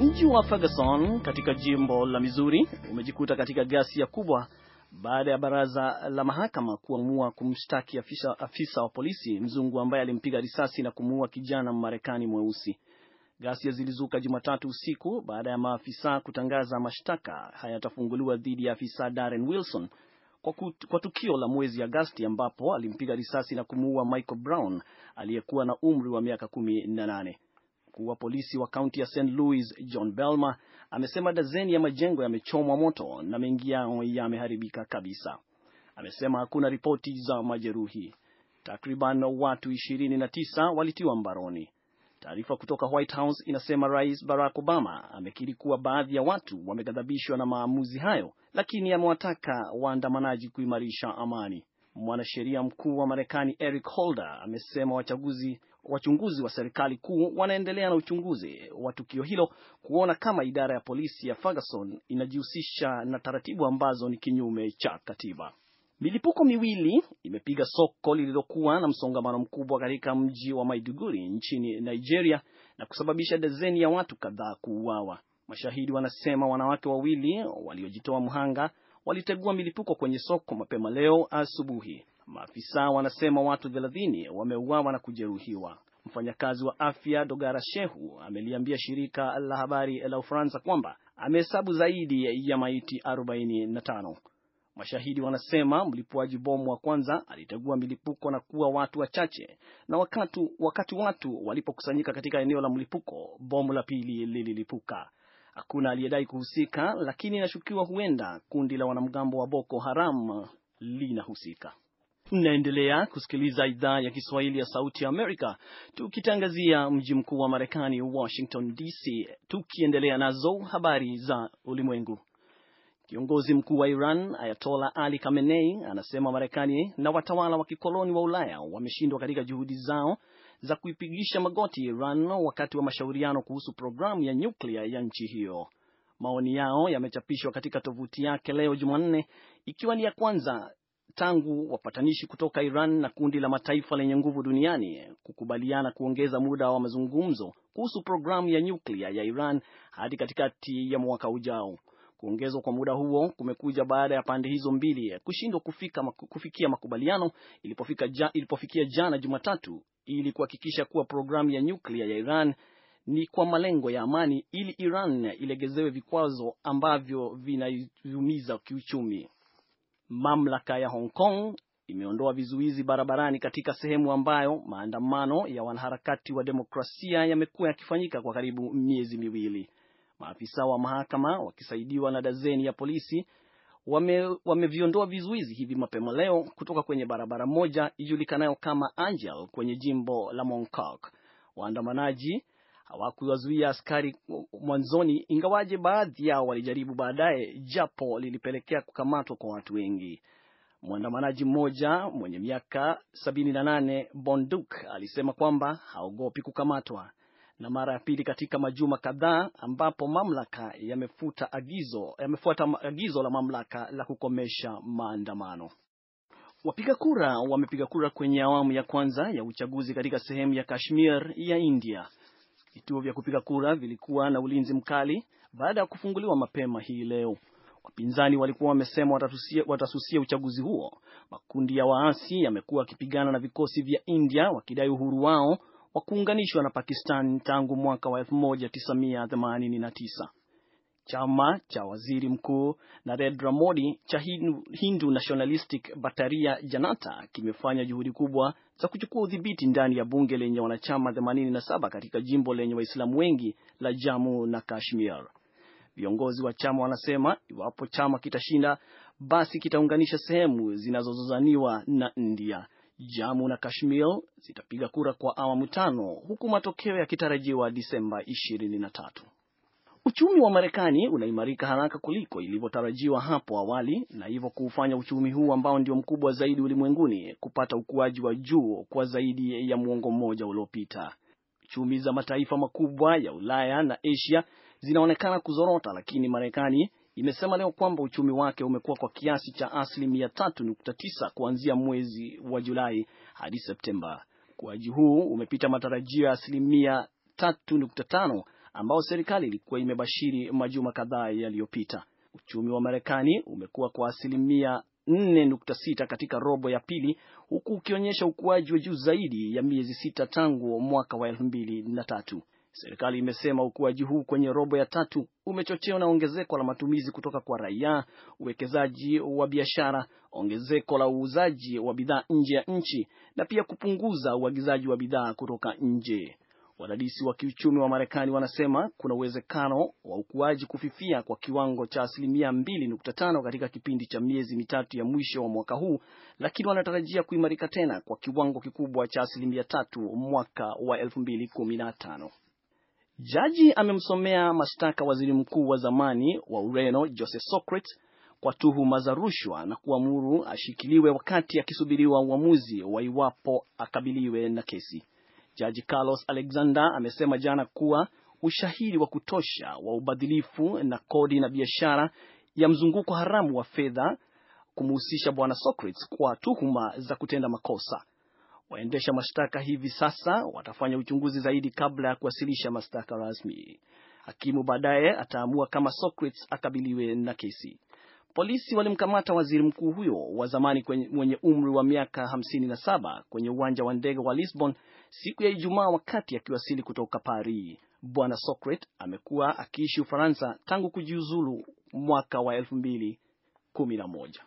Mji wa Ferguson katika jimbo la Missouri umejikuta katika ghasia kubwa baada ya baraza la mahakama kuamua kumshtaki afisa, afisa wa polisi mzungu ambaye alimpiga risasi na kumuua kijana Mmarekani mweusi. Ghasia zilizuka Jumatatu usiku baada ya maafisa kutangaza mashtaka hayatafunguliwa dhidi ya afisa Darren Wilson kwa, kut, kwa tukio la mwezi Agasti ambapo alimpiga risasi na kumuua Michael Brown aliyekuwa na umri wa miaka kumi na nane. Mkuu wa polisi wa kaunti ya St Louis John Belma amesema dazeni ya majengo yamechomwa moto na mengi yao yameharibika kabisa. Amesema hakuna ripoti za majeruhi. Takriban watu 29 walitiwa mbaroni. Taarifa kutoka White House inasema Rais Barack Obama amekiri kuwa baadhi ya watu wameghadhabishwa na maamuzi hayo, lakini amewataka waandamanaji kuimarisha amani. Mwanasheria mkuu wa Marekani Eric Holder amesema wachaguzi wachunguzi wa serikali kuu wanaendelea na uchunguzi wa tukio hilo kuona kama idara ya polisi ya Ferguson inajihusisha na taratibu ambazo ni kinyume cha katiba. Milipuko miwili imepiga soko lililokuwa na msongamano mkubwa katika mji wa Maiduguri nchini Nigeria na kusababisha dezeni ya watu kadhaa kuuawa. Mashahidi wanasema wanawake wawili waliojitoa mhanga walitegua milipuko kwenye soko mapema leo asubuhi. Maafisa wanasema watu 30 wameuawa na kujeruhiwa. Mfanyakazi wa afya Dogara Shehu ameliambia shirika la habari la Ufaransa kwamba amehesabu zaidi ya maiti 45. Mashahidi wanasema mlipuaji bomu wa kwanza alitegua milipuko na kuwa watu wachache, na wakati, wakati watu walipokusanyika katika eneo la mlipuko, bomu la pili lililipuka. Hakuna aliyedai kuhusika, lakini inashukiwa huenda kundi la wanamgambo wa Boko Haram linahusika. Mnaendelea kusikiliza idhaa ya Kiswahili ya Sauti ya Amerika, tukitangazia mji mkuu wa Marekani, Washington DC. Tukiendelea nazo habari za ulimwengu, kiongozi mkuu wa Iran Ayatola Ali Khamenei anasema Marekani na watawala wa kikoloni wa Ulaya wameshindwa katika juhudi zao za kuipigisha magoti Iran wakati wa mashauriano kuhusu programu ya nyuklia ya nchi hiyo. Maoni yao yamechapishwa katika tovuti yake leo Jumanne, ikiwa ni ya kwanza tangu wapatanishi kutoka Iran na kundi la mataifa lenye nguvu duniani kukubaliana kuongeza muda wa mazungumzo kuhusu programu ya nyuklia ya Iran hadi katikati ya mwaka ujao. Kuongezwa kwa muda huo kumekuja baada ya pande hizo mbili kushindwa kufika kufikia makubaliano ilipofika ja, ilipofikia jana Jumatatu ili kuhakikisha kuwa programu ya nyuklia ya Iran ni kwa malengo ya amani ili Iran ilegezewe vikwazo ambavyo vinaiumiza kiuchumi. Mamlaka ya Hong Kong imeondoa vizuizi barabarani katika sehemu ambayo maandamano ya wanaharakati wa demokrasia yamekuwa yakifanyika kwa karibu miezi miwili. Maafisa wa mahakama wakisaidiwa na dazeni ya polisi wameviondoa wame vizuizi hivi mapema leo kutoka kwenye barabara moja ijulikanayo kama Angel kwenye jimbo la Mong Kok. Waandamanaji hawakuwazuia askari mwanzoni, ingawaje baadhi yao walijaribu baadaye, japo lilipelekea kukamatwa kwa watu wengi. Mwandamanaji mmoja mwenye miaka 78 Bonduk alisema kwamba haogopi kukamatwa, na mara ya pili katika majuma kadhaa ambapo mamlaka yamefuta agizo, yamefuata agizo la mamlaka la kukomesha maandamano. Wapiga kura wamepiga kura kwenye awamu ya kwanza ya uchaguzi katika sehemu ya Kashmir ya India Vituo vya kupiga kura vilikuwa na ulinzi mkali baada ya kufunguliwa mapema hii leo. Wapinzani walikuwa wamesema watasusia, watasusia uchaguzi huo. Makundi ya waasi yamekuwa yakipigana na vikosi vya India wakidai uhuru wao wa kuunganishwa na Pakistan tangu mwaka wa 1989. Chama cha waziri mkuu Narendra Modi cha Hindu, Nationalistic Bataria Janata kimefanya juhudi kubwa za kuchukua udhibiti ndani ya bunge lenye wanachama 87 katika jimbo lenye Waislamu wengi la Jammu na Kashmir. Viongozi wa chama wanasema iwapo chama kitashinda, basi kitaunganisha sehemu zinazozozaniwa na India. Jammu na Kashmir zitapiga kura kwa awamu tano, huku matokeo yakitarajiwa Disemba 23. Uchumi wa Marekani unaimarika haraka kuliko ilivyotarajiwa hapo awali na hivyo kuufanya uchumi huu ambao ndio mkubwa zaidi ulimwenguni kupata ukuaji wa juu kwa zaidi ya muongo mmoja uliopita. Uchumi za mataifa makubwa ya Ulaya na Asia zinaonekana kuzorota, lakini Marekani imesema leo kwamba uchumi wake umekuwa kwa kiasi cha asilimia tisa kuanzia mwezi wa Julai hadi Septemba. Ukuaji huu umepita matarajio ya asilimia 3.5 ambao serikali ilikuwa imebashiri majuma kadhaa yaliyopita. Uchumi wa Marekani umekuwa kwa asilimia 4.6 katika robo ya pili huku ukionyesha ukuaji wa juu zaidi ya miezi sita tangu mwaka wa 2003. Serikali imesema ukuaji huu kwenye robo ya tatu umechochewa na ongezeko la matumizi kutoka kwa raia, uwekezaji wa biashara, ongezeko la uuzaji wa bidhaa nje ya nchi na pia kupunguza uagizaji wa bidhaa kutoka nje. Wadadisi wa kiuchumi wa Marekani wanasema kuna uwezekano wa ukuaji kufifia kwa kiwango cha asilimia 2.5 katika kipindi cha miezi mitatu ya mwisho wa mwaka huu, lakini wanatarajia kuimarika tena kwa kiwango kikubwa cha asilimia tatu mwaka wa 2015. Jaji amemsomea mashtaka waziri mkuu wa zamani wa Ureno jose Socrates kwa tuhuma za rushwa na kuamuru ashikiliwe wakati akisubiriwa uamuzi wa iwapo akabiliwe na kesi. Jaji Carlos Alexander amesema jana kuwa ushahidi wa kutosha wa ubadhilifu na kodi na biashara ya mzunguko haramu wa fedha kumhusisha bwana Socrates kwa tuhuma za kutenda makosa. Waendesha mashtaka hivi sasa watafanya uchunguzi zaidi kabla ya kuwasilisha mashtaka rasmi. Hakimu baadaye ataamua kama Socrates akabiliwe na kesi. Polisi walimkamata waziri mkuu huyo wa zamani mwenye umri wa miaka 57 kwenye uwanja wa ndege wa Lisbon siku ya Ijumaa wakati akiwasili kutoka Paris. Bwana Sokret amekuwa akiishi Ufaransa tangu kujiuzulu mwaka wa 2011.